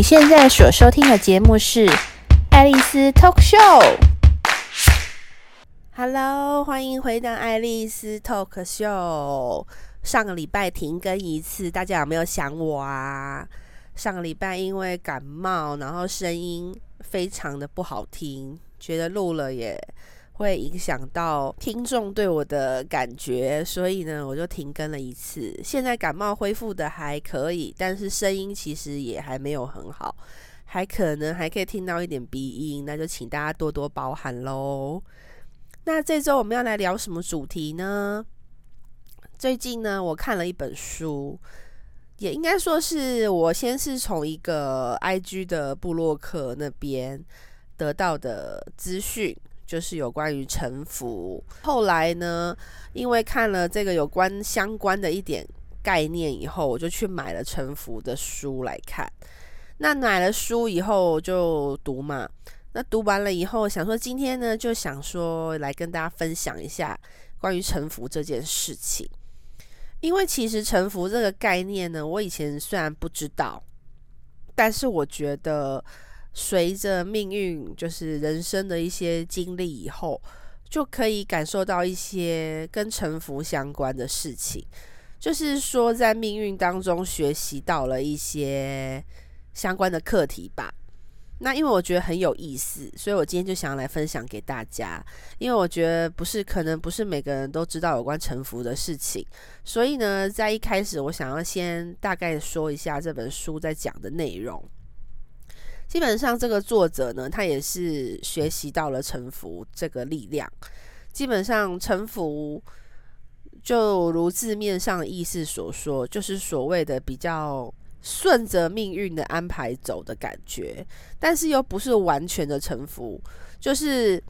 你現在所收聽的節目是《愛麗絲 Talk Show》。Hello，歡迎回到《愛麗絲 Talk Show》。上個禮拜停更一次，大家有沒有想我啊？上個禮拜因為感冒，然後聲音非常的不好聽，覺得錄了耶。會影響到聽眾對我的感覺，所以呢，我就停更了一次。現在感冒恢復的還可以，但是聲音其實也還沒有很好，還可能還可以聽到一點鼻音，那就請大家多多包涵嘍。那這周我們要來聊什麼主題呢？最近呢，我看了一本書，也應該說是我先是從一個 IG 的部落客那邊得到的資訊。就是有關於臣服。後來呢，因為看了這個有關相關的一點概念以後，我就去買了臣服的書來看。那買了書以後就讀嘛。那讀完了以後，想說今天呢，就想說來跟大家分享一下關於臣服這件事情。因為其實臣服這個概念呢，我以前雖然不知道，但是我覺得。隨着命運，就是人生的一些經歷以後，就可以感受到一些跟臣服相關的事情。就是說，在命運當中學習到了一些相關的課題吧。那因為我覺得很有意思，所以我今天就想要來分享給大家。因為我覺得不是，可能不是每個人都知道有關臣服的事情，所以呢，在一開始我想要先大概說一下這本書在講的內容。基本上，這個作者呢，他也是學習到了臣服這個力量。基本上，臣服就如字面上意思所說，就是所謂的比較順着命運的安排走的感覺，但是又不是完全的臣服，就是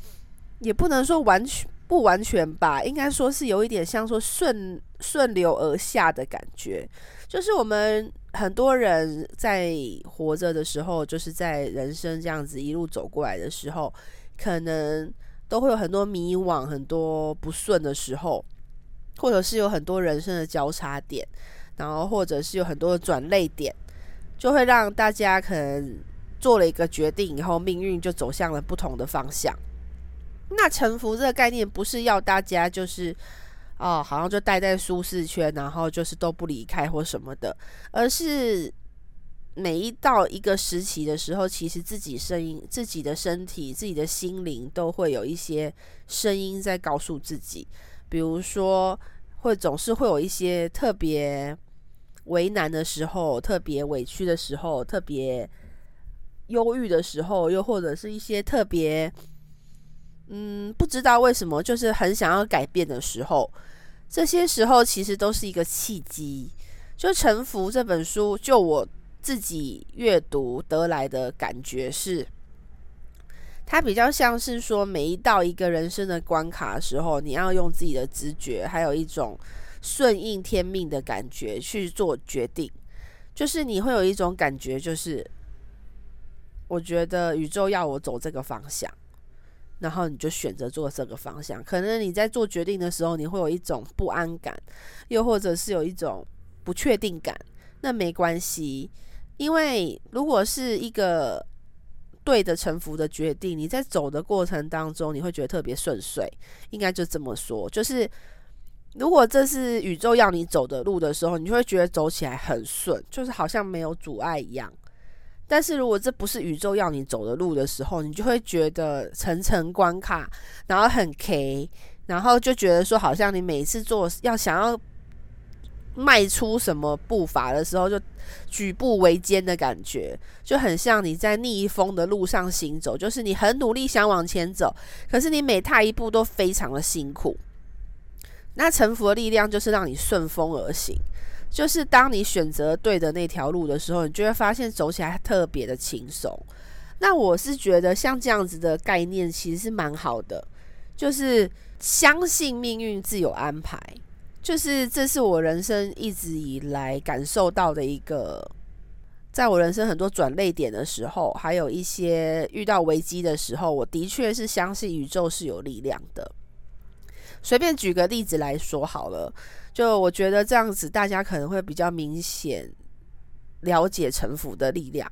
也不能說完全不完全吧，應該說是有一點像說順順流而下的感覺。就是我們很多人在活着的時候，就是在人生這樣子一路走過來的時候，可能都會有很多迷惘、很多不順的時候，或者是有很多人生的交叉點，然後或者是有很多的轉捩點，就會讓大家可能做了一個決定以後，命運就走向了不同的方向。那臣服這個概念，不是要大家就是。哦，好像就待在舒適圈，然後就是都不離開或什麼的，而是每一到一個時期的時候，其實自己聲音、自己的身體、自己的心靈都會有一些聲音在告訴自己，比如說會總是會有一些特別為難的時候、特別委屈的時候、特別憂鬱的時候，又或者是一些特別，嗯，不知道為什麼，就是很想要改變的時候。這些時候其實都是一個契機。就《臣服》這本書，就我自己閱讀得來的感覺是，它比較像是說，每一到一個人生的關卡的時候，你要用自己的直覺，還有一種順應天命的感覺去做決定。就是你會有一種感覺，就是我覺得宇宙要我走這個方向。然後你就選擇做這個方向。可能你在做決定的時候，你會有一種不安感，又或者是有一種不確定感。那沒關係，因為如果是一個對的、臣服的決定，你在走的過程當中，你會覺得特別順遂。應該就這麼說，就是如果這是宇宙要你走的路的時候，你就會覺得走起來很順，就是好像沒有阻礙一樣。但是如果這不是宇宙要你走的路的時候，你就會覺得層層關卡，然後很 K，然後就覺得說好像你每次做要想要邁出什麼步伐的時候，就舉步維艱的感覺，就很像你在逆風的路上行走，就是你很努力想往前走，可是你每踏一步都非常的辛苦。那臣服的力量就是讓你順風而行。就是當你選擇對的那條路的時候，你就會發現走起來特別的輕鬆。那我是覺得像這樣子的概念其實是蠻好的，就是相信命運自有安排。就是這是我人生一直以來感受到的一個，在我人生很多轉捩點的時候，還有一些遇到危機的時候，我的確是相信宇宙是有力量的。隨便舉個例子來說好了。就我覺得這樣子，大家可能會比較明顯了解臣服的力量。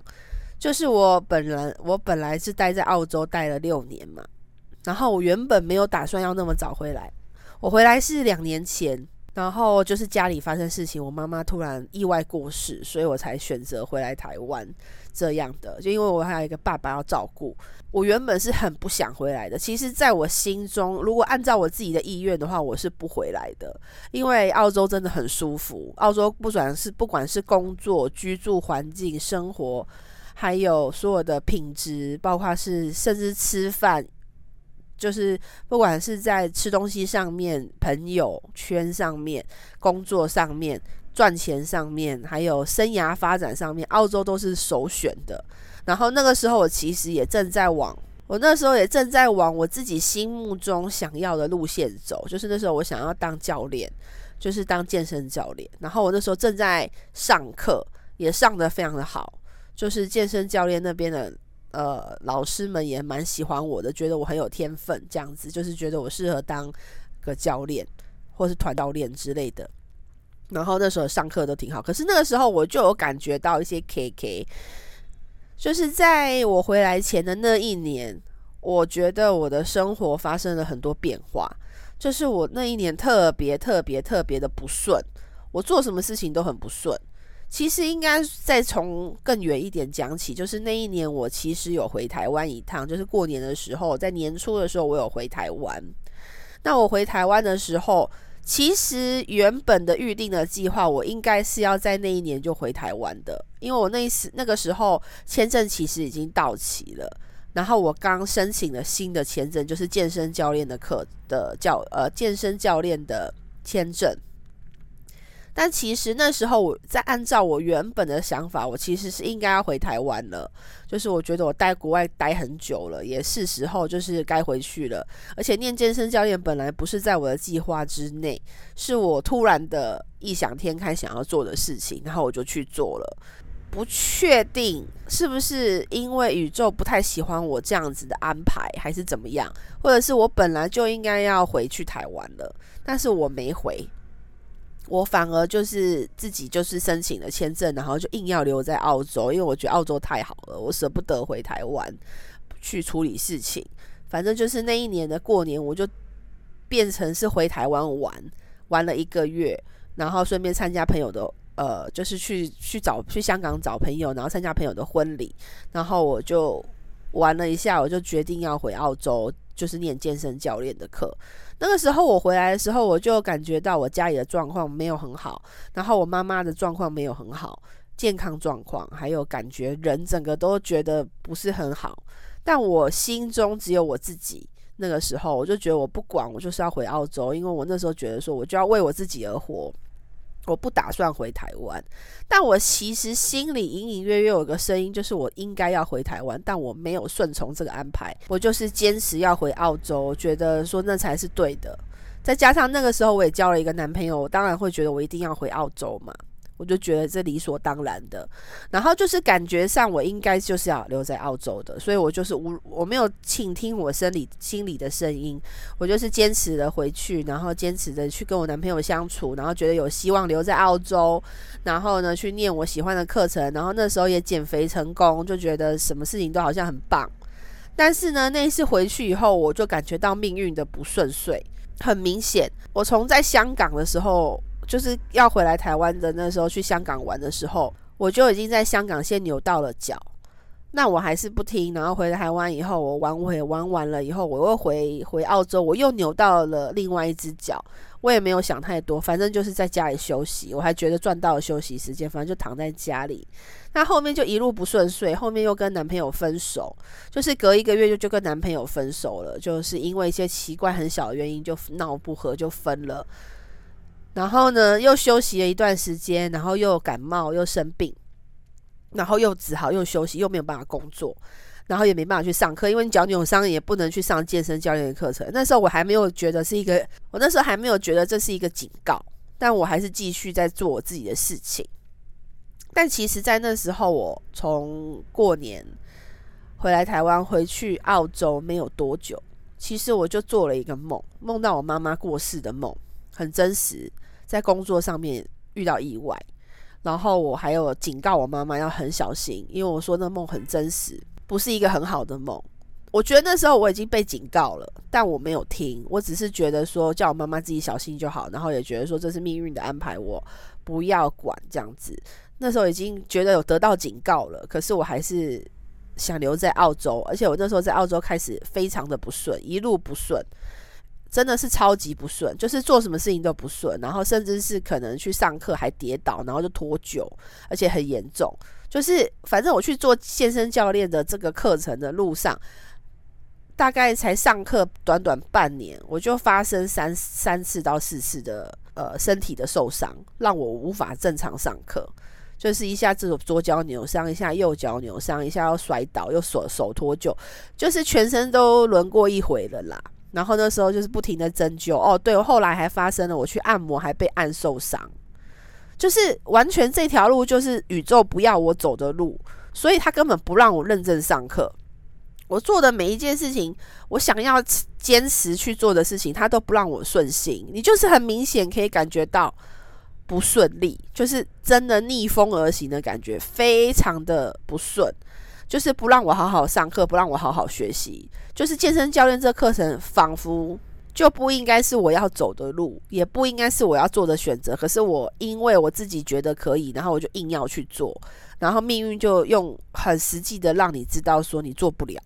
就是我本來我本來是待在澳洲待了六年嘛，然後我原本沒有打算要那麼早回來，我回來是兩年前。然後就是家裡發生事情，我媽媽突然意外過世，所以我才選擇回來台灣。這樣的，就因為我還有一個爸爸要照顧。我原本是很不想回來的，其實在我心中，如果按照我自己的意願的話，我是不回來的，因為澳洲真的很舒服。澳洲不管是不管是工作、居住環境、生活，還有所有的品質，包括是甚至吃飯，就是不管是在吃東西上面、朋友圈上面、工作上面、賺錢上面，還有生涯發展上面，澳洲都是首選的。然後那個時候我其實也正在往，我那時候也正在往我自己心目中想要的路線走。就是那時候我想要當教練，就是當健身教練。然後我那時候正在上課，也上得非常的好。就是健身教練那邊的。呃，老師們也蠻喜歡我的，覺得我很有天分，這樣子。就是覺得我適合當個教練或是團教練之類的。然後那時候上課都挺好，可是那個時候我就有感覺到一些 KK，就是在我回來前的那一年，我覺得我的生活發生了很多變化，就是我那一年特別特別特別的不順，我做什麼事情都很不順。其實應該再從更遠一點講起，就是那一年我其實有回台灣一趟，就是過年的時候，在年初的時候我有回台灣。那我回台灣的時候，其實原本的預定的計劃，我應該是要在那一年就回台灣的，因為我那時那個時候簽證其實已經到期了，然後我剛申請了新的簽證，就是健身教練的課的教，呃，健身教練的簽證。但其實那時候我在按照我原本的想法，我其實是應該要回台灣了。就是我覺得我在國外待很久了，也是時候就是該回去了。而且念健身教練本來不是在我的計劃之內，是我突然的異想天開想要做的事情，然後我就去做了。不確定是不是因為宇宙不太喜歡我這樣子的安排，還是怎麼樣，或者是我本來就應該要回去台灣了，但是我沒回。我反而就是自己就是申請了簽證，然後就硬要留在澳洲，因為我覺得澳洲太好了，我捨不得回台灣去處理事情。反正就是那一年的過年，我就變成是回台灣玩，玩了一個月，然後順便參加朋友的呃，就是去去找去香港找朋友，然後參加朋友的婚禮，然後我就玩了一下，我就決定要回澳洲，就是念健身教練的課。那個時候我回來的時候，我就感覺到我家裡的狀況沒有很好，然後我媽媽的狀況沒有很好，健康狀況還有感覺人整個都覺得不是很好。但我心中只有我自己，那個時候我就覺得我不管，我就是要回澳洲，因為我那時候覺得說我就要為我自己而活。我不打算回台灣，但我其實心裡隱隱約約有個聲音，就是我應該要回台灣，但我沒有順從這個安排，我就是堅持要回澳洲，覺得說那才是對的。再加上那個時候我也交了一個男朋友，我當然會覺得我一定要回澳洲嘛。我就覺得這理所當然的。然後就是感覺上我應該就是要留在澳洲的，所以我就是無我沒有傾聽我生理心理的聲音，我就是堅持的回去，然後堅持的去跟我男朋友相處，然後覺得有希望留在澳洲，然後呢去念我喜歡的課程，然後那時候也減肥成功，就覺得什麼事情都好像很棒，但是呢那一次回去以後，我就感覺到命運的不順遂，很明顯，我從在香港的時候。就是要回來台灣的那時候，去香港玩的時候，我就已經在香港先扭到了腳，那我還是不聽，然後回台灣以後，我玩回玩完了以後，我又回回澳洲，我又扭到了另外一隻腳，我也沒有想太多，反正就是在家裡休息，我還覺得賺到了休息時間，反正就躺在家裡。那後面就一路不順遂，後面又跟男朋友分手，就是隔一個月就就跟男朋友分手了，就是因為一些奇怪很小的原因就鬧不和就分了。然後呢，又休息了一段時間，然後又感冒，又生病，然後又只好又休息，又沒有辦法工作，然後也沒辦法去上課，因為你腳扭傷也不能去上健身教練的課程。那時候我還沒有覺得是一個，我那時候還沒有覺得這是一個警告，但我還是繼續在做我自己的事情。但其實，在那時候，我從過年回來台灣，回去澳洲沒有多久，其實我就做了一個夢，夢到我媽媽過世的夢。很真實，在工作上面遇到意外，然後我還有警告我媽媽要很小心，因為我說那夢很真實，不是一個很好的夢。我覺得那時候我已經被警告了，但我沒有聽，我只是覺得說叫我媽媽自己小心就好，然後也覺得說這是命運的安排，我不要管這樣子。那時候已經覺得有得到警告了，可是我還是想留在澳洲，而且我那時候在澳洲開始非常的不順，一路不順。真的是超級不順，就是做什麼事情都不順，然後甚至是可能去上課還跌倒，然後就脫臼，而且很嚴重。就是反正我去做健身教練的這個課程的路上，大概才上課短短半年，我就發生三三次到四次的呃身體的受傷，讓我無法正常上課。就是一下子左腳扭傷，一下右腳扭傷，一下要摔倒又手手脫臼，就是全身都輪過一回了啦。然後那時候就是不停的針灸哦，對，我後來還發生了，我去按摩還被按受傷，就是完全這條路就是宇宙不要我走的路，所以他根本不讓我認真上課。我做的每一件事情，我想要堅持去做的事情，他都不讓我順心，你就是很明顯可以感覺到不順利，就是真的逆風而行的感覺，非常的不順。就是不讓我好好上課，不讓我好好學習。就是健身教練這課程，仿佛就不應該是我要走的路，也不應該是我要做的選擇。可是我因為我自己覺得可以，然後我就硬要去做，然後命運就用很實際的讓你知道說你做不了，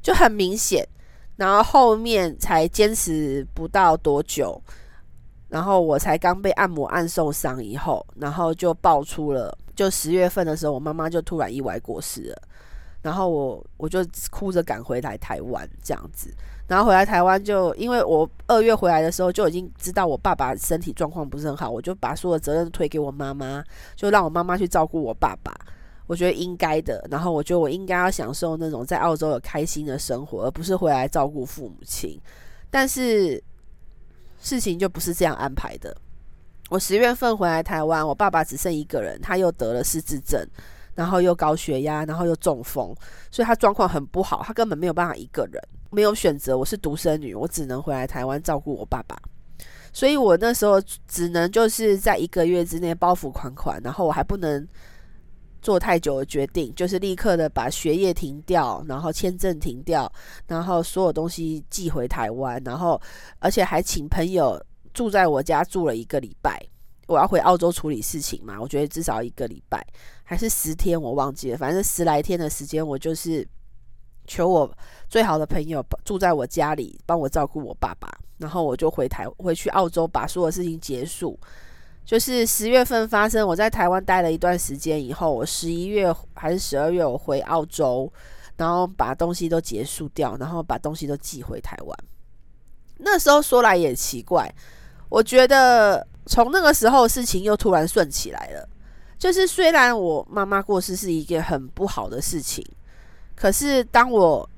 就很明顯。然後後面才堅持不到多久，然後我才剛被按摩按受傷以後，然後就爆出了，就十月份的時候，我媽媽就突然意外過世了。然後我我就哭着趕回來台灣這樣子，然後回來台灣就因為我二月回來的時候就已經知道我爸爸身體狀況不是很好，我就把所有責任推給我媽媽，就讓我媽媽去照顧我爸爸，我覺得應該的。然後我覺得我應該要享受那種在澳洲有開心的生活，而不是回來照顧父母親。但是事情就不是這樣安排的。我十月份回來台灣，我爸爸只剩一個人，他又得了失智症。然後又高血壓，然後又中風，所以他狀況很不好。他根本沒有辦法一個人，沒有選擇。我是獨生女，我只能回來台灣照顧我爸爸。所以我那時候只能就是在一個月之內包袱款款，然後我還不能做太久的決定，就是立刻的把學業停掉，然後簽證停掉，然後所有東西寄回台灣，然後而且還請朋友住在我家住了一個禮拜。我要回澳洲處理事情嘛，我覺得至少一個禮拜，還是十天，我忘記了，反正十來天的時間，我就是求我最好的朋友住在我家裡，幫我照顧我爸爸，然後我就回台回去澳洲把所有事情結束。就是十月份發生，我在台灣待了一段時間以後，我十一月還是十二月我回澳洲，然後把東西都結束掉，然後把東西都寄回台灣。那時候說來也奇怪，我覺得從那個時候事情又突然順起來了。就是雖然我媽媽過世是一件很不好的事情，可是當我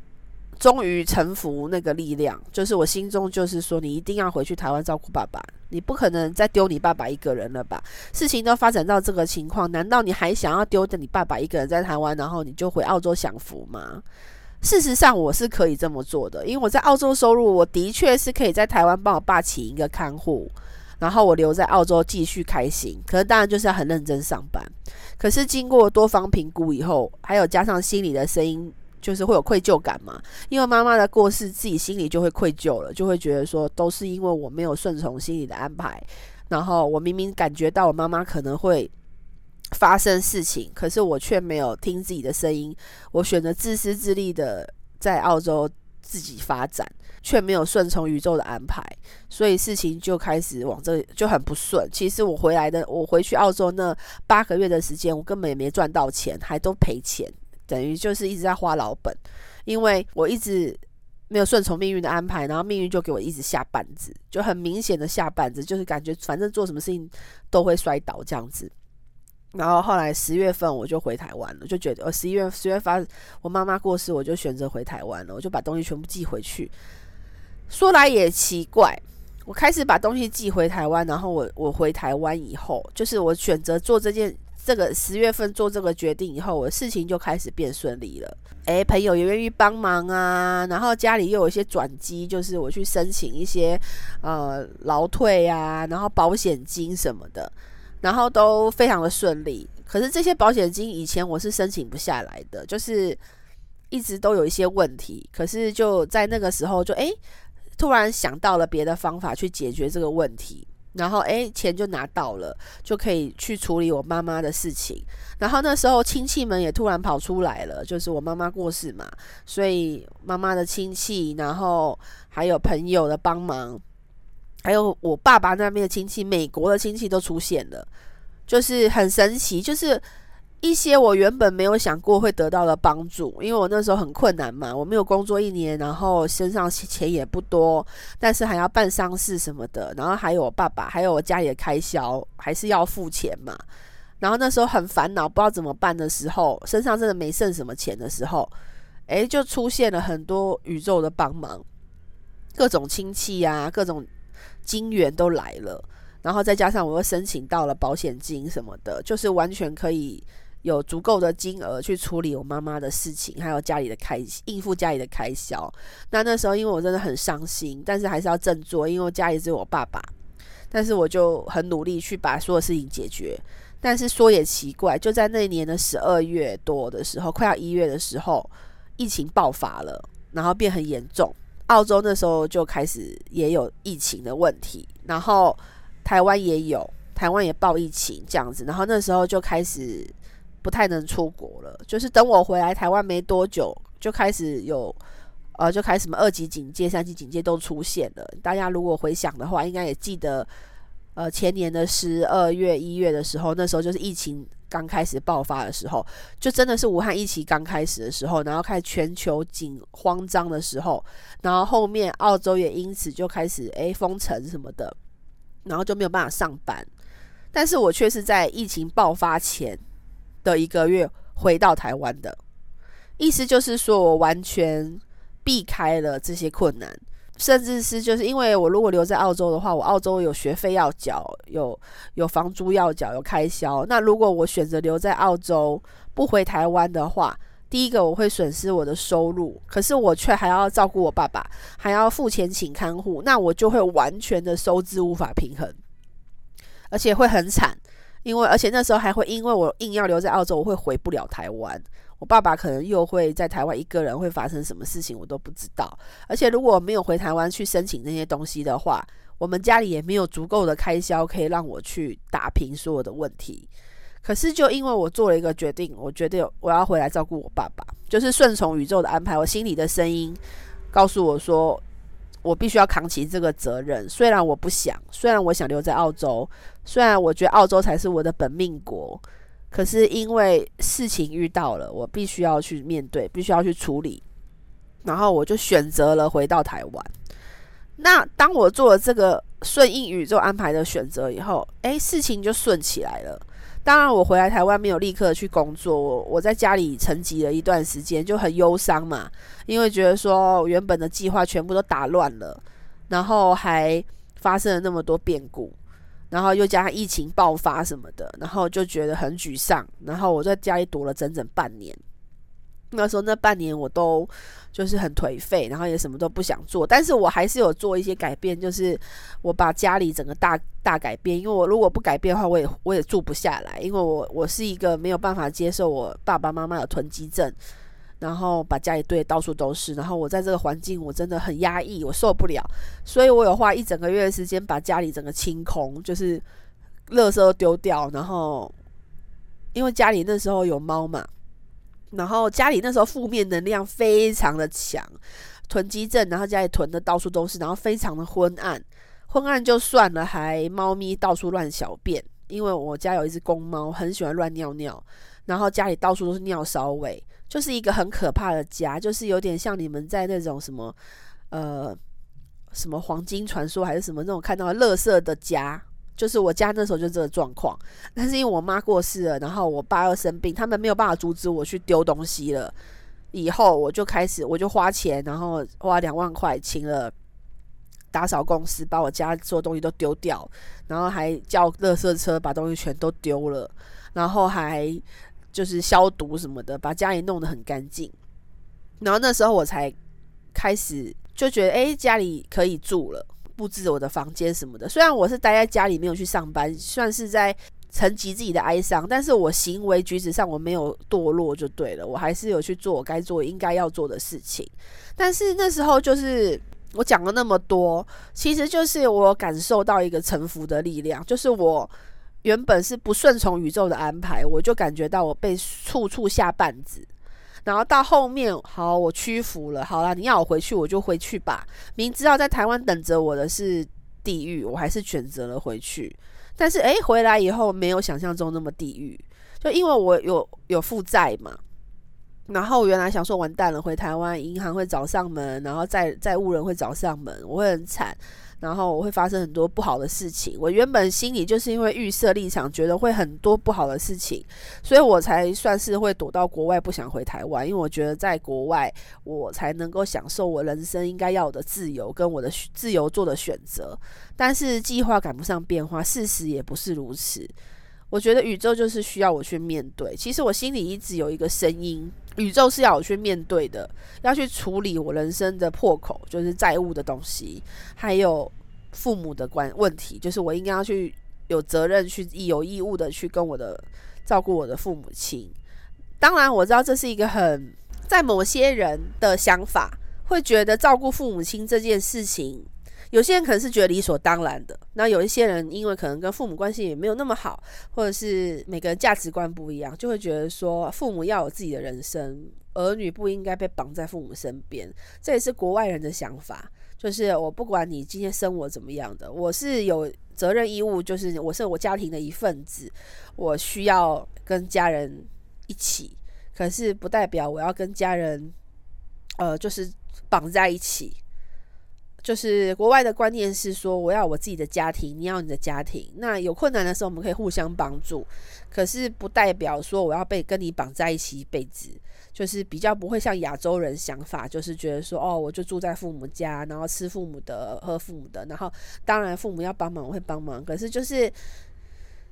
終於臣服那個力量，就是我心中就是說，你一定要回去台灣照顧爸爸，你不可能再丟你爸爸一個人了吧？事情都發展到這個情況，難道你還想要丟着你爸爸一個人在台灣，然後你就回澳洲享福嗎？事實上，我是可以這麼做的，因為我在澳洲收入，我的確是可以在台灣幫我爸請一個看護。然後我留在澳洲繼續開心，可是當然就是要很認真上班。可是經過多方評估以後，還有加上心裡的聲音，就是會有愧疚感嘛。因為媽媽的過世，自己心裡就會愧疚了，就會覺得說都是因為我沒有順從心裡的安排。然後我明明感覺到我媽媽可能會發生事情，可是我卻沒有聽自己的聲音。我選擇自私自利的在澳洲自己發展。卻沒有順從宇宙的安排，所以事情就開始往這就很不順。其實我回來的，我回去澳洲那八個月的時間，我根本也沒賺到錢，還都賠錢，等於就是一直在花老本。因為我一直沒有順從命運的安排，然後命運就給我一直下絆子，就很明顯的下絆子，就是感覺反正做什麼事情都會摔倒這樣子。然後後來十月份我就回台灣了，就覺得呃、哦、十一月十月發我媽媽過世，我就選擇回台灣了，我就把東西全部寄回去。說來也奇怪，我開始把東西寄回台灣，然後我我回台灣以後，就是我選擇做這件這個十月份做這個決定以後，我事情就開始變順利了。誒，朋友也願意幫忙啊，然後家裡又有一些轉機，就是我去申請一些呃勞退啊，然後保險金什麼的，然後都非常的順利。可是這些保險金以前我是申請不下來的，就是一直都有一些問題。可是就在那個時候就，就誒。突然想到了別的方法去解決這個問題，然後誒，錢就拿到了，就可以去處理我媽媽的事情。然後那時候親戚們也突然跑出來了，就是我媽媽過世嘛，所以媽媽的親戚，然後還有朋友的幫忙，還有我爸爸那邊的親戚，美國的親戚都出現了，就是很神奇，就是。一些我原本沒有想過會得到的幫助，因為我那時候很困難嘛，我沒有工作一年，然後身上錢也不多，但是還要辦喪事什麼的，然後還有我爸爸，還有我家裡的開銷，還是要付錢嘛。然後那時候很煩惱，不知道怎麼辦的時候，身上真的沒剩什麼錢的時候，誒，就出現了很多宇宙的幫忙，各種親戚呀、啊，各種金援都來了，然後再加上我又申請到了保險金什麼的，就是完全可以。有足夠的金額去處理我媽媽的事情，還有家裡的開應付家裡的開銷。那那時候，因為我真的很傷心，但是還是要振作，因為我家裡只有我爸爸。但是我就很努力去把所有事情解決。但是說也奇怪，就在那一年的十二月多的時候，快要一月的時候，疫情爆發了，然後變很嚴重。澳洲那時候就開始也有疫情的問題，然後台灣也有，台灣也爆疫情這樣子。然後那時候就開始。不太能出國了，就是等我回來台灣沒多久，就開始有，呃，就開始什麼二級警戒、三級警戒都出現了。大家如果回想的話，應該也記得，呃，前年的十二月、一月的時候，那時候就是疫情剛開始爆發的時候，就真的是武漢疫情剛開始的時候，然後開始全球緊慌張的時候，然後後面澳洲也因此就開始誒、欸、封城什麼的，然後就沒有辦法上班。但是我卻是在疫情爆發前。的一個月回到台灣的意思就是說，我完全避開了這些困難，甚至是就是因為我如果留在澳洲的話，我澳洲有學費要繳，有有房租要繳，有開銷。那如果我選擇留在澳洲不回台灣的話，第一個我會損失我的收入，可是我卻還要照顧我爸爸，還要付錢請看護，那我就會完全的收支無法平衡，而且會很慘。因為，而且那時候還會，因為我硬要留在澳洲，我會回不了台灣。我爸爸可能又會在台灣一個人，會發生什麼事情，我都不知道。而且，如果沒有回台灣去申請那些東西的話，我們家裡也沒有足夠的開銷可以讓我去打拼所有的問題。可是，就因為我做了一個決定，我決定我要回來照顧我爸爸，就是順從宇宙的安排。我心裡的聲音告訴我說。我必須要扛起這個責任，雖然我不想，雖然我想留在澳洲，雖然我覺得澳洲才是我的本命國，可是因為事情遇到了，我必須要去面對，必須要去處理，然後我就選擇了回到台灣。那當我做了這個順應宇宙安排的選擇以後，哎、欸，事情就順起來了。當然，我回來台灣沒有立刻去工作，我我在家裡沉寂了一段時間，就很憂傷嘛，因為覺得說原本的計劃全部都打亂了，然後還發生了那麼多變故，然後又加上疫情爆發什麼的，然後就覺得很沮喪，然後我在家裡躲了整整半年。那時候那半年我都就是很頹廢，然後也什麼都不想做，但是我還是有做一些改變，就是我把家裡整個大大改變，因為我如果不改變的話，我也我也住不下來，因為我我是一個沒有辦法接受我爸爸媽媽的囤積症，然後把家裡堆到處都是，然後我在這個環境我真的很壓抑，我受不了，所以我有花一整個月的時間把家裡整個清空，就是垃圾都丟掉，然後因為家裡那時候有貓嘛。然後家裡那時候負面能量非常的強，囤積症，然後家裡囤的到處都是，然後非常的昏暗，昏暗就算了，還貓咪到處亂小便，因為我家有一隻公貓，很喜歡亂尿尿，然後家裡到處都是尿騷味，就是一個很可怕的家，就是有點像你們在那種什麼，呃，什麼黃金傳說還是什麼那種看到的垃圾的家。就是我家那時候就這個狀況，但是因為我媽過世了，然後我爸又生病，他們沒有辦法阻止我去丟東西了。以後我就開始，我就花錢，然後花兩萬塊請了打掃公司，把我家所有東西都丟掉，然後還叫垃圾車把東西全都丟了，然後還就是消毒什麼的，把家裡弄得很乾淨。然後那時候我才開始就覺得，哎、欸，家裡可以住了。佈置我的房間什麼的，雖然我是待在家裡沒有去上班，算是在沉浸自己的哀傷，但是我行為舉止上我沒有墮落就對了，我還是有去做我該做應該要做的事情。但是那時候就是我講了那麼多，其實就是我感受到一個臣服的力量，就是我原本是不順從宇宙的安排，我就感覺到我被處處下絆子。然後到後面，好，我屈服了。好啦，你要我回去，我就回去吧。明知道在台灣等着我的是地獄，我還是選擇了回去。但是，誒，回來以後沒有想象中那麼地獄，就因為我有有負債嘛。然後原來想說完蛋了，回台灣，銀行會找上門，然後債債務人會找上門，我會很慘。然後我會發生很多不好的事情。我原本心裡就是因為預設立場，覺得會很多不好的事情，所以我才算是會躲到國外，不想回台灣。因為我覺得在國外，我才能夠享受我人生應該要的自由跟我的自由做的選擇。但是計劃趕不上變化，事實也不是如此。我覺得宇宙就是需要我去面對。其實我心裡一直有一個聲音，宇宙是要我去面對的，要去處理我人生的破口，就是債務的東西，還有父母的關問題，就是我應該要去有責任去有義務的去跟我的照顧我的父母親。當然，我知道這是一個很在某些人的想法，會覺得照顧父母親這件事情。有些人可能是覺得理所當然的，那有一些人因為可能跟父母關係也沒有那麼好，或者是每個人價值觀不一樣，就會覺得說父母要有自己的人生，兒女不應該被綁在父母身邊。這也是國外人的想法，就是我不管你今天生我怎麼樣的，我是有責任義務，就是我是我家庭的一份子，我需要跟家人一起，可是不代表我要跟家人，呃，就是綁在一起。就是國外的觀念是說，我要我自己的家庭，你要你的家庭。那有困難的時候，我們可以互相幫助。可是不代表說我要被跟你綁在一起一輩子，就是比較不會像亞洲人想法，就是覺得說，哦，我就住在父母家，然後吃父母的，喝父母的，然後當然父母要幫忙，我會幫忙。可是就是。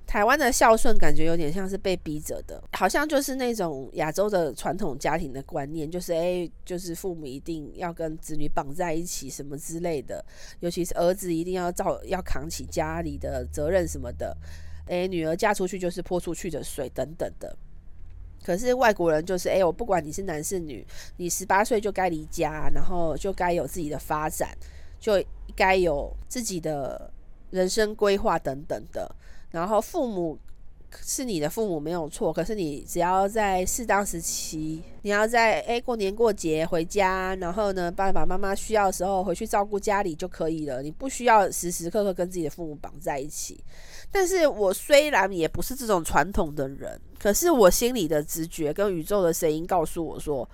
台灣的孝順感覺有點像是被逼着的，好像就是那種亞洲的傳統家庭的觀念，就是誒、欸，就是父母一定要跟子女綁在一起，什麼之類的，尤其是兒子一定要照要扛起家裡的責任什麼的，誒、欸，女兒嫁出去就是潑出去的水等等的。可是外國人就是誒、欸，我不管你是男是女，你十八歲就該離家，然後就該有自己的發展，就該有自己的人生規劃等等的。然後父母是你的父母沒有錯，可是你只要在適當時期，你要在誒過年過節回家，然後呢爸爸媽媽需要的時候回去照顧家裡就可以了，你不需要時時刻刻跟自己的父母綁在一起。但是我雖然也不是這種傳統的人，可是我心裡的直覺跟宇宙的聲音告訴我說，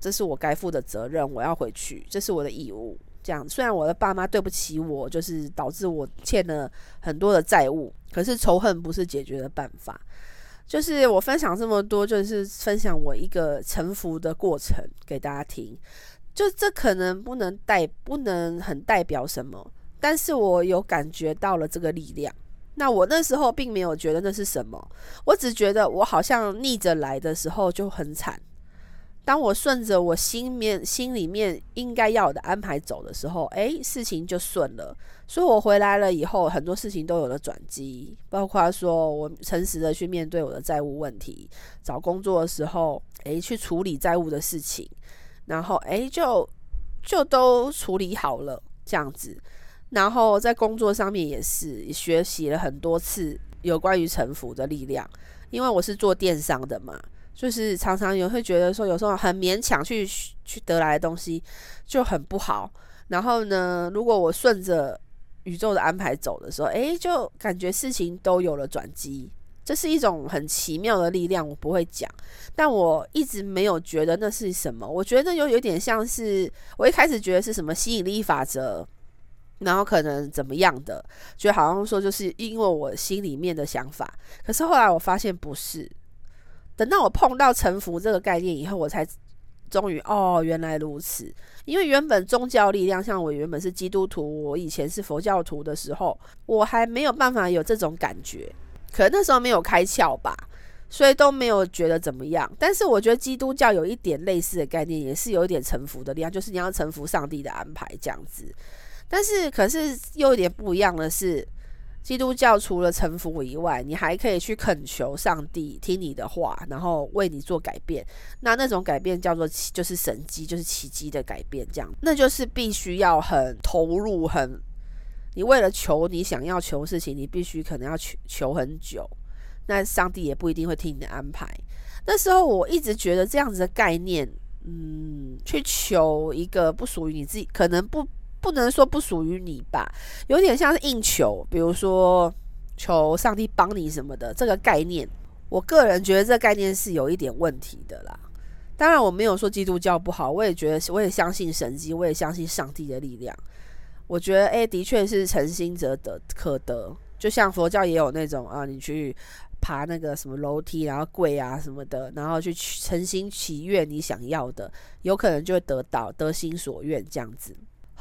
這是我該負的責任，我要回去，這是我的義務。這樣，雖然我的爸媽對不起我，就是導致我欠了很多的債務。可是仇恨不是解決的辦法。就是我分享這麼多，就是分享我一個臣服的過程給大家聽。就這可能不能代，不能很代表什麼，但是我有感覺到了這個力量。那我那時候並沒有覺得那是什麼，我只覺得我好像逆着來的時候就很慘。當我順着我心面、心裡面應該要我的安排走的時候，哎，事情就順了。所以我回來了以後，很多事情都有了轉機，包括說我誠實的去面對我的債務問題，找工作的時候，哎，去處理債務的事情，然後哎，就就都處理好了這樣子。然後在工作上面也是學習了很多次有關於臣服的力量，因為我是做電商的嘛。就是常常也會覺得說，有時候很勉強去去得來的東西就很不好。然後呢，如果我順着宇宙的安排走的時候，哎，就感覺事情都有了轉機。這是一種很奇妙的力量，我不會講。但我一直沒有覺得那是什麼。我覺得又有，有點像是我一開始覺得是什麼吸引力法則，然後可能怎麼樣的，覺得好像說就是因為我心裡面的想法。可是後來我發現不是。等到我碰到臣服這個概念以後，我才終於哦，原來如此。因為原本宗教力量，像我原本是基督徒，我以前是佛教徒的時候，我還沒有辦法有這種感覺，可能那時候沒有開竅吧，所以都沒有覺得怎麼樣。但是我覺得基督教有一點類似的概念，也是有一點臣服的力量，就是你要臣服上帝的安排這樣子。但是可是又有點不一樣的是。基督教除了臣服以外，你還可以去懇求上帝聽你的話，然後為你做改變。那那種改變叫做就是神跡，就是奇蹟的改變，這樣。那就是必須要很投入，很你為了求你想要求事情，你必須可能要求求很久。那上帝也不一定會聽你的安排。那時候我一直覺得這樣子的概念，嗯，去求一個不屬於你自己，可能不。不能說不屬於你吧，有點像是硬求，比如說求上帝幫你什麼的這個概念，我個人覺得這概念是有一點問題的啦。當然我沒有說基督教不好，我也覺得我也相信神跡，我也相信上帝的力量。我覺得誒，的確是誠心者得可得，就像佛教也有那種啊，你去爬那個什麼樓梯，然後跪啊什麼的，然後去誠心祈願你想要的，有可能就會得到，得心所願這樣子。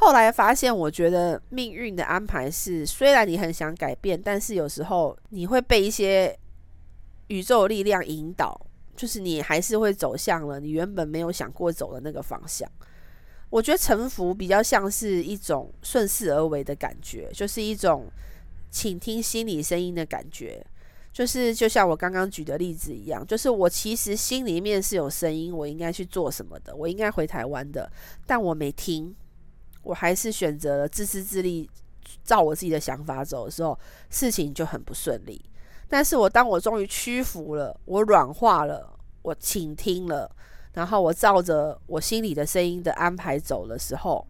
後來發現，我覺得命運的安排是，雖然你很想改變，但是有時候你會被一些宇宙力量引導，就是你還是會走向了你原本沒有想過走的那個方向。我覺得臣服比較像是一種順勢而為的感覺，就是一種傾聽心裡聲音的感覺，就是就像我剛剛舉的例子一樣，就是我其實心裡面是有聲音，我應該去做什麼的，我應該回台灣的，但我沒聽。我還是選擇了自私自利，照我自己的想法走的時候，事情就很不順利。但是我當我終於屈服了，我軟化了，我傾聽了，然後我照着我心裡的聲音的安排走的時候，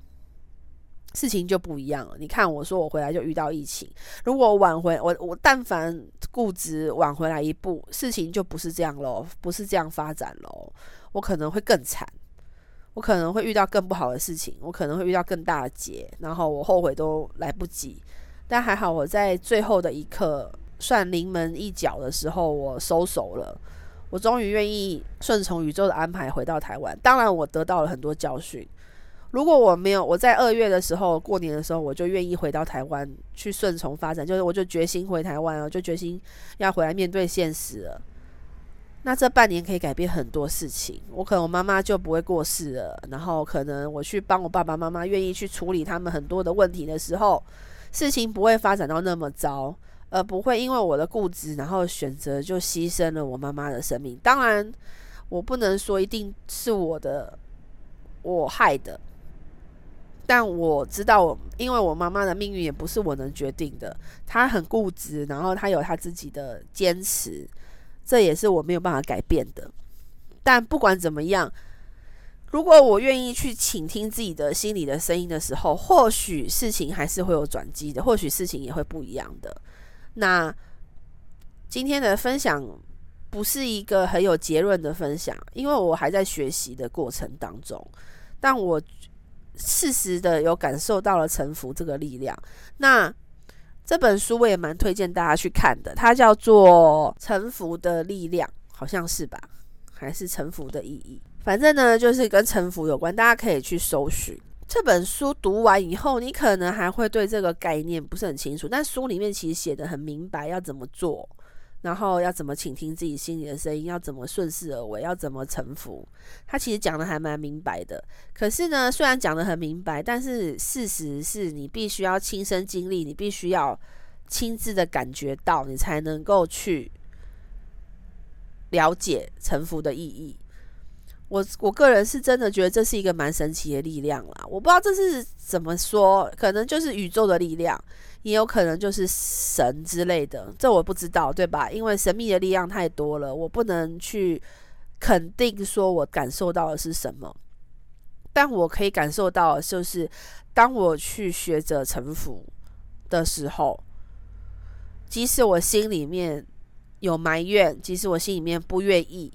事情就不一樣了。你看，我說我回來就遇到疫情，如果晚回我我但凡固執晚回來一步，事情就不是這樣嘍，不是這樣發展嘍，我可能會更慘。我可能會遇到更不好的事情，我可能會遇到更大的劫，然後我後悔都來不及。但還好，我在最後的一刻，算臨門一腳的時候，我收手了。我終於願意順從宇宙的安排回到台灣。當然，我得到了很多教訓。如果我沒有，我在二月的時候，過年的時候，我就願意回到台灣去順從發展，就是我就決心回台灣了，我就決心要回來面對現實了。那這半年可以改變很多事情，我可能我媽媽就不會過世了，然後可能我去幫我爸爸媽媽願意去處理他們很多的問題的時候，事情不會發展到那麼糟，而不會因為我的固執，然後選擇就犧牲了我媽媽的生命。當然，我不能說一定是我的我害的，但我知道我因為我媽媽的命運也不是我能決定的，她很固執，然後她有她自己的堅持，這也是我沒有辦法改變的。但不管怎麼樣，如果我願意去傾聽自己的心裡的聲音的時候，或許事情還是會有轉機的，或許事情也會不一樣的。那今天的分享不是一個很有結論的分享，因為我還在學習的過程當中，但我適時的有感受到了臣服這個力量。那這本書我也蠻推薦大家去看的，它叫做《臣服的力量》，好像是吧？還是《臣服的意義》？反正呢，就是跟臣服有關，大家可以去搜尋。這本書讀完以後，你可能還會對這個概念不是很清楚，但書裡面其實寫得很明白要怎麼做。然後要怎麼傾聽自己心裡的聲音？要怎麼順勢而為？要怎麼臣服？他其實講的還蠻明白的。可是呢，雖然講得很明白，但是事實是你必須要親身經歷，你必須要親自的感覺到，你才能夠去了解臣服的意義。我我個人是真的覺得這是一個蠻神奇的力量啦，我不知道這是怎麼說，可能就是宇宙的力量。也有可能就是神之類的，這我不知道，對吧？因為神秘的力量太多了，我不能去肯定說我感受到的是什麼。但我可以感受到的，就是當我去學着臣服的時候，即使我心裡面有埋怨，即使我心裡面不願意，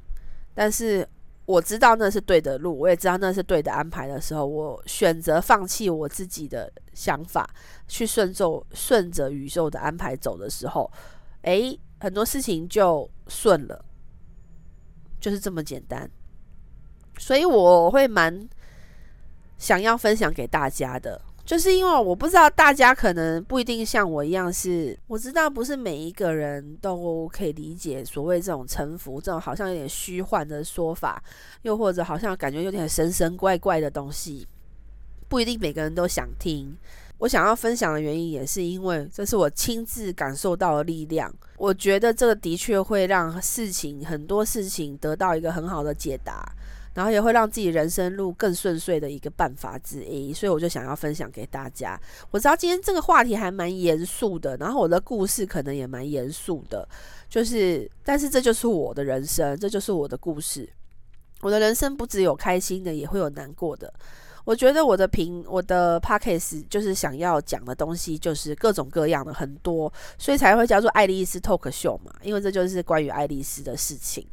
但是。我知道那是對的路，我也知道那是對的安排的時候，我選擇放棄我自己的想法，去順奏，順着宇宙的安排走的時候，誒，很多事情就順了，就是這麼簡單，所以我會蠻想要分享給大家的。就是因為我不知道大家可能不一定像我一樣是，我知道不是每一個人都可以理解所謂這種臣服這種好像有點虛幻的說法，又或者好像感覺有點神神怪怪的東西，不一定每個人都想聽。我想要分享的原因也是因為這是我親自感受到的力量，我覺得這個的確會讓事情，很多事情得到一個很好的解答。然後也會讓自己人生路更順遂的一個辦法之一，所以我就想要分享給大家。我知道今天這個話題還蠻嚴肅的，然後我的故事可能也蠻嚴肅的，就是，但是這就是我的人生，這就是我的故事。我的人生不只有開心的，也會有難過的。我覺得我的平，我的 p o c k e 就是想要講的東西就是各種各樣的很多，所以才會叫做愛麗絲 talk 秀嘛，因為這就是關於愛麗絲的事情。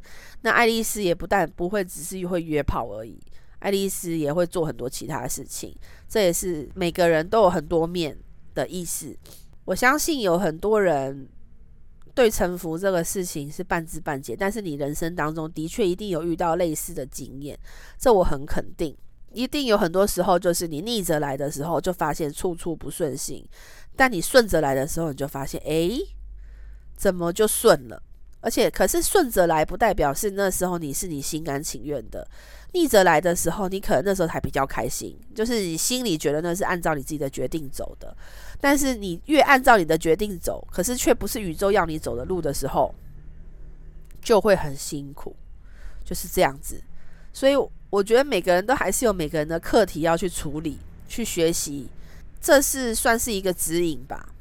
那愛麗絲也不但不會只是會約炮而已，愛麗絲也會做很多其他的事情。這也是每個人都有很多面的意思。我相信有很多人對臣服這個事情是半知半解，但是你人生當中的確一定有遇到類似的經驗，這我很肯定。一定有很多時候就是你逆着來的時候，就發現處處不順心；但你順着來的時候，你就發現，誒，怎麼就順了？而且，可是順着來不代表是那時候你是你心甘情願的，逆着來的時候，你可能那時候才比較開心，就是你心裡覺得那是按照你自己的決定走的。但是你越按照你的決定走，可是卻不是宇宙要你走的路的時候，就會很辛苦，就是這樣子。所以我覺得每個人都還是有每個人的課題要去處理、去學習，這是算是一個指引吧。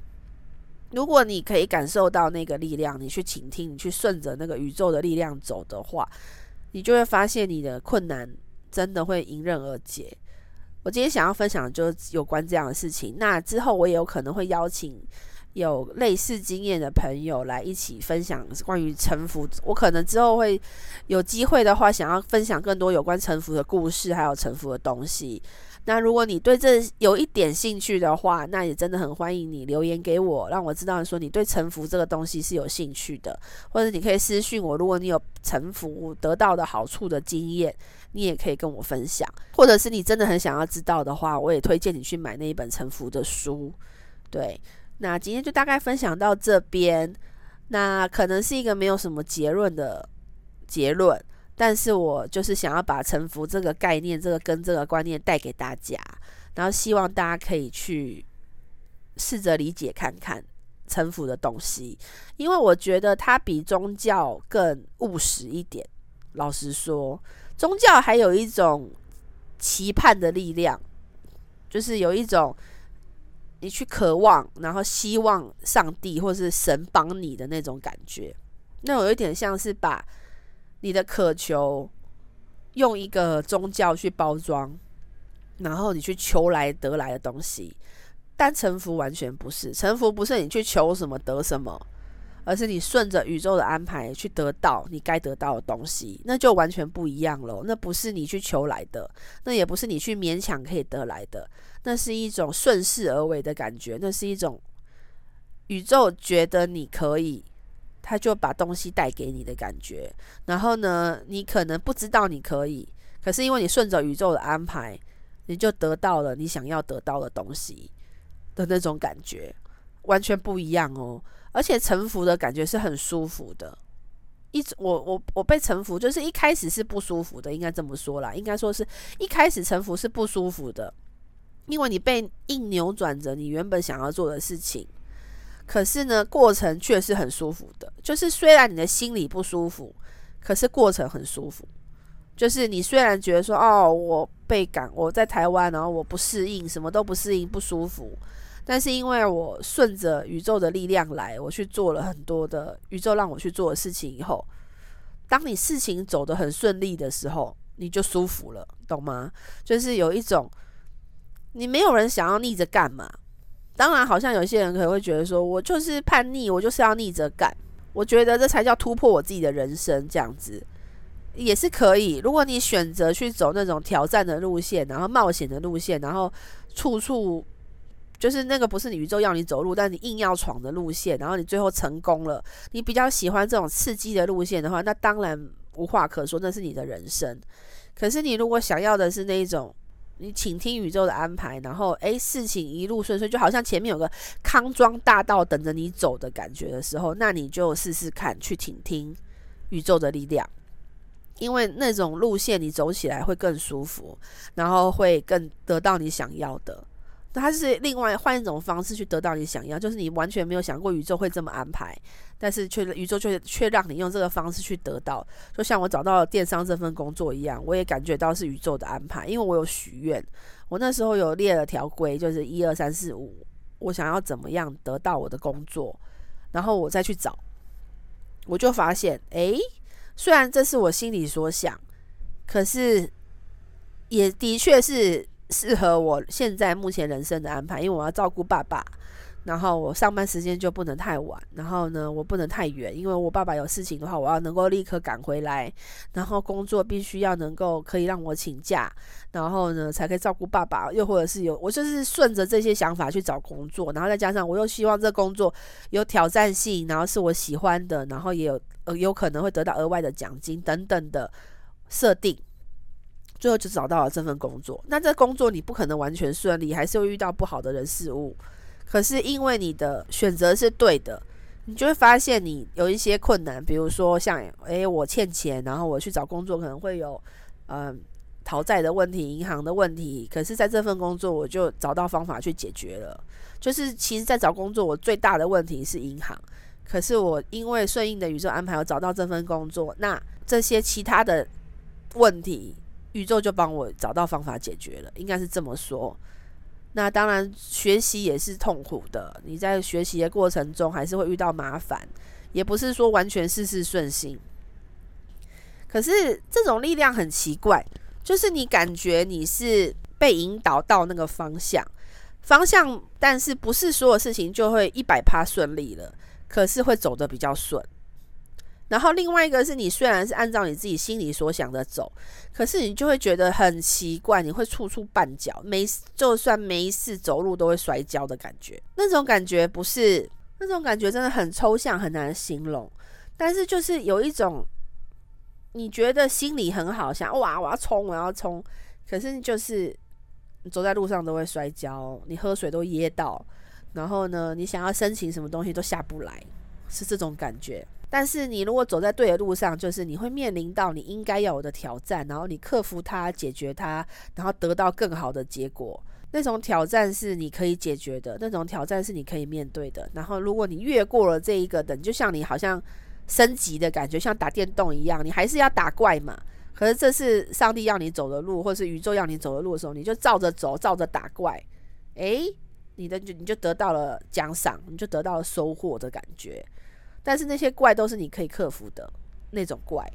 如果你可以感受到那個力量，你去傾聽，你去順着那個宇宙的力量走的話，你就會發現你的困難真的會迎刃而解。我今天想要分享的就是有關這樣的事情。那之後我也有可能會邀請有類似經驗的朋友來一起分享關於臣服。我可能之後會有機會的話，想要分享更多有關臣服的故事，還有臣服的東西。那如果你對這有一點興趣的話，那也真的很歡迎你留言給我，讓我知道你說你對臣服這個東西是有興趣的，或者你可以私信我。如果你有臣服得到的好處的經驗，你也可以跟我分享。或者是你真的很想要知道的話，我也推薦你去買那一本臣服的書。對，那今天就大概分享到這邊。那可能是一個沒有什麼結論的結論。但是我就是想要把臣服這個概念，這個跟這個觀念帶給大家，然後希望大家可以去試着理解看看臣服的東西，因為我覺得它比宗教更務實一點。老實說，宗教還有一種期盼的力量，就是有一種你去渴望，然後希望上帝或是神幫你的那種感覺，那我有一點像是把。你的渴求，用一個宗教去包裝，然後你去求來得來的東西，但臣服完全不是臣服，不是你去求什麼得什麼，而是你順着宇宙的安排去得到你該得到的東西，那就完全不一樣了。那不是你去求來的，那也不是你去勉強可以得來的，那是一種順勢而為的感覺，那是一種宇宙覺得你可以。他就把東西帶給你的感覺，然後呢，你可能不知道你可以，可是因為你順着宇宙的安排，你就得到了你想要得到的東西的那種感覺，完全不一樣哦。而且臣服的感覺是很舒服的，一直我我我被臣服，就是一開始是不舒服的，應該這麼說啦，應該說是一開始臣服是不舒服的，因為你被硬扭轉着你原本想要做的事情。可是呢，過程卻是很舒服的。就是雖然你的心裡不舒服，可是過程很舒服。就是你雖然覺得說，哦，我被趕，我在台灣，然後我不適應，什麼都不適應，不舒服。但是因為我順着宇宙的力量來，我去做了很多的宇宙讓我去做的事情以後，當你事情走得很順利的時候，你就舒服了，懂嗎？就是有一種，你沒有人想要逆着幹嘛。當然，好像有些人可能會覺得說，我就是叛逆，我就是要逆着幹。我覺得這才叫突破我自己的人生，這樣子也是可以。如果你選擇去走那種挑戰的路線，然後冒險的路線，然後處處就是那個不是你宇宙要你走路，但你硬要闖的路線，然後你最後成功了，你比較喜歡這種刺激的路線的話，那當然無話可說，那是你的人生。可是你如果想要的是那一種……你傾聽宇宙的安排，然後哎，事情一路順順，就好像前面有個康莊大道等着你走的感覺的時候，那你就試試看，去傾聽宇宙的力量，因為那種路線你走起來會更舒服，然後會更得到你想要的。那它就是另外換一種方式去得到你想要，就是你完全沒有想過宇宙會這麼安排，但是卻宇宙卻卻讓你用這個方式去得到。就像我找到了電商這份工作一樣，我也感覺到是宇宙的安排，因為我有許願，我那時候有列了條規，就是一二三四五，我想要怎麼樣得到我的工作，然後我再去找，我就發現，哎、欸，雖然這是我心裡所想，可是也的確是。適合我現在目前人生的安排，因為我要照顧爸爸，然後我上班時間就不能太晚，然後呢，我不能太遠，因為我爸爸有事情的話，我要能夠立刻趕回來，然後工作必須要能夠可以讓我請假，然後呢才可以照顧爸爸，又或者是有，我就是順着這些想法去找工作，然後再加上我又希望這工作有挑戰性，然後是我喜歡的，然後也有呃，有可能會得到額外的獎金等等的設定。最後就找到了這份工作。那這工作你不可能完全順利，還是會遇到不好的人事物。可是因為你的選擇是對的，你就會發現你有一些困難，比如說像誒、欸、我欠錢，然後我去找工作可能會有嗯討債的問題、銀行的問題。可是在這份工作，我就找到方法去解決了。就是其實在找工作，我最大的問題是銀行。可是我因為順應的宇宙安排，我找到這份工作。那這些其他的問題。宇宙就幫我找到方法解決了，應該是這麼說。那當然，學習也是痛苦的。你在學習的過程中，還是會遇到麻煩，也不是說完全事事順心。可是這種力量很奇怪，就是你感覺你是被引導到那個方向，方向，但是不是所有事情就會一百趴順利了，可是會走得比較順。然後另外一個是你雖然是按照你自己心裡所想的走，可是你就會覺得很奇怪，你會處處絆腳，沒就算沒事走路都會摔跤的感覺，那種感覺不是，那種感覺真的很抽象，很難形容。但是就是有一種，你覺得心裡很好，想哇我要衝我要衝，可是你就是你走在路上都會摔跤，你喝水都噎到，然後呢你想要申請什麼東西都下不來，是這種感覺。但是你如果走在對的路上，就是你會面臨到你應該要有的挑戰，然後你克服它，解決它，然後得到更好的結果。那種挑戰是你可以解決的，那種挑戰是你可以面對的。然後如果你越過了這一個，等就像你好像升級的感覺，像打電動一樣，你還是要打怪嘛。可是這是上帝要你走的路，或是宇宙要你走的路的時候，你就照着走，照着打怪。誒，你的你就你就得到了獎賞，你就得到了收穫的感覺。但是那些怪都是你可以克服的那種怪，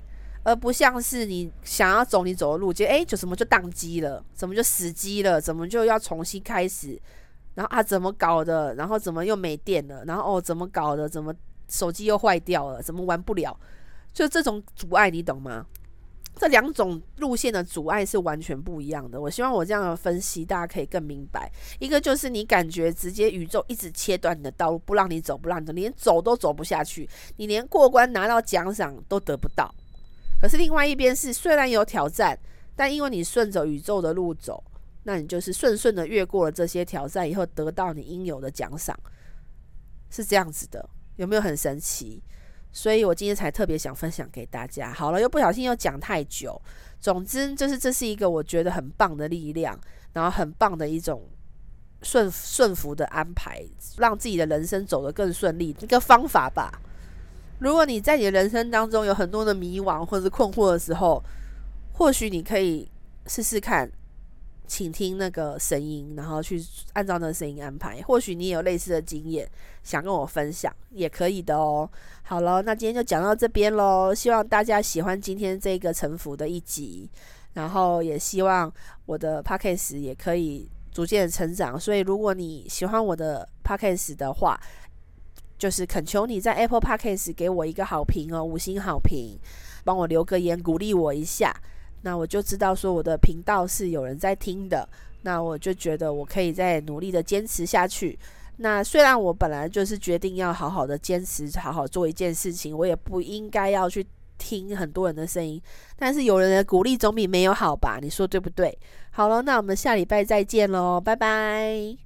而不像是你想要走你走的路，結果，欸，就什麼就宕機了，怎麼就死機了，怎麼就要重新開始，然後啊怎麼搞的，然後怎麼又沒電了，然後哦怎麼搞的，怎麼手機又壞掉了，怎麼玩不了，就這種阻礙，你懂嗎？這兩種路線的阻礙是完全不一樣的。我希望我這樣的分析大家可以更明白。一個就是你感覺直接宇宙一直切斷你的道路，不讓你走，不讓你走，你連走都走不下去，你連過關拿到獎賞都得不到。可是另外一邊是，雖然有挑戰，但因為你順着宇宙的路走，那你就是順順的越過了這些挑戰，以後得到你應有的獎賞，是這樣子的。有沒有很神奇？所以我今天才特別想分享給大家。好了，又不小心又講太久。總之，就是這是一個我覺得很棒的力量，然後很棒的一種順順服的安排，讓自己的人生走得更順利一個方法吧。如果你在你的人生當中有很多的迷惘或者困惑的時候，或許你可以試試看。請聽那個聲音，然後去按照那個聲音安排。或許你也有類似的經驗，想跟我分享也可以的哦。好了，那今天就講到這邊嘍。希望大家喜歡今天這個臣服的一集，然後也希望我的 podcast 也可以逐漸成長。所以如果你喜歡我的 podcast 的話，就是懇求你在 Apple Podcast 給我一個好評哦，五星好評，幫我留個言，鼓勵我一下。那我就知道，說我的頻道是有人在聽的，那我就覺得我可以再努力的堅持下去。那雖然我本來就是決定要好好的堅持，好好做一件事情，我也不應該要去聽很多人的聲音，但是有人的鼓勵總比沒有好吧？你說對不對？好了，那我們下禮拜再見嘍，拜拜。